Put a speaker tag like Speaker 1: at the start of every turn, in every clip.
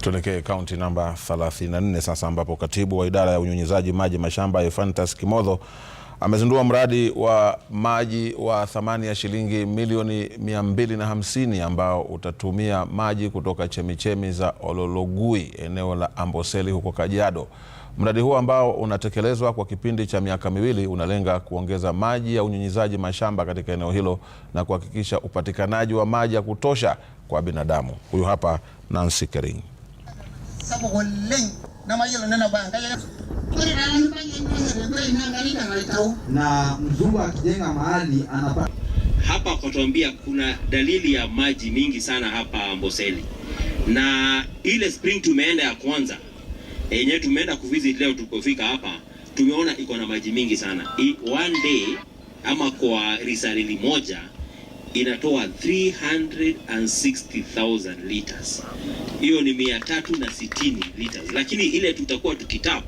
Speaker 1: Tuelekee kaunti namba 34 sasa ambapo katibu wa idara ya unyunyizaji maji mashamba Ephantus Kimotho amezindua mradi wa maji wa thamani ya shilingi milioni 250 ambao utatumia maji kutoka chemichemi za Olologui eneo la Amboseli huko Kajiado. Mradi huo ambao unatekelezwa kwa kipindi cha miaka miwili unalenga kuongeza maji ya unyunyizaji mashamba katika eneo hilo na kuhakikisha upatikanaji wa maji ya kutosha kwa binadamu. Huyu hapa Nancy Kering sapuk oleng namayiolo nena
Speaker 2: na mzungu akijenga mahali anapata hapa Kotombia kuna dalili ya maji mingi sana hapa Amboseli, na ile spring tumeenda ya kwanza yenye tumeenda kuvisit leo, tulipofika hapa tumeona iko na maji mingi sana. I, one day ama kwa risalili moja inatoa 360,000 liters. Hiyo ni 360 liters, lakini ile tutakuwa tukitap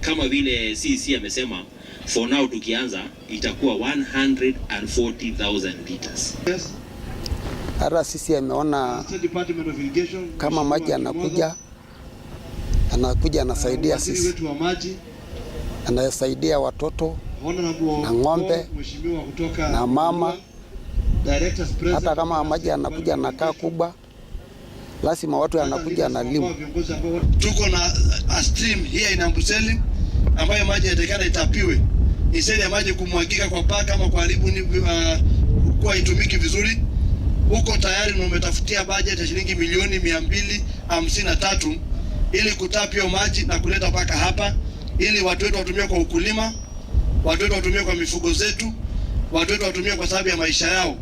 Speaker 2: kama vile CC amesema, for now tukianza itakuwa 140,000 liters.
Speaker 3: Hata sisi ameona kama maji anakuja anakuja anasaidia sisi, anasaidia watoto na ng'ombe na mama hata kama maji yanakuja na kaa kubwa, lazima watu yanakuja na limu.
Speaker 4: Tuko na uh, a stream hii ina Amboseli ambayo maji yatakana itapiwe iseli ya maji kumwagika kwa paa kama kuharibu uh, kuwa itumiki vizuri huko tayari na umetafutia bajeti ya shilingi milioni mia mbili hamsini na tatu ili kutapia maji na kuleta mpaka hapa, ili watu wetu watumie kwa ukulima, watu wetu watumie kwa mifugo zetu, watu wetu watumie kwa sababu ya maisha yao.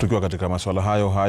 Speaker 4: Tukiwa katika masuala hayo hayo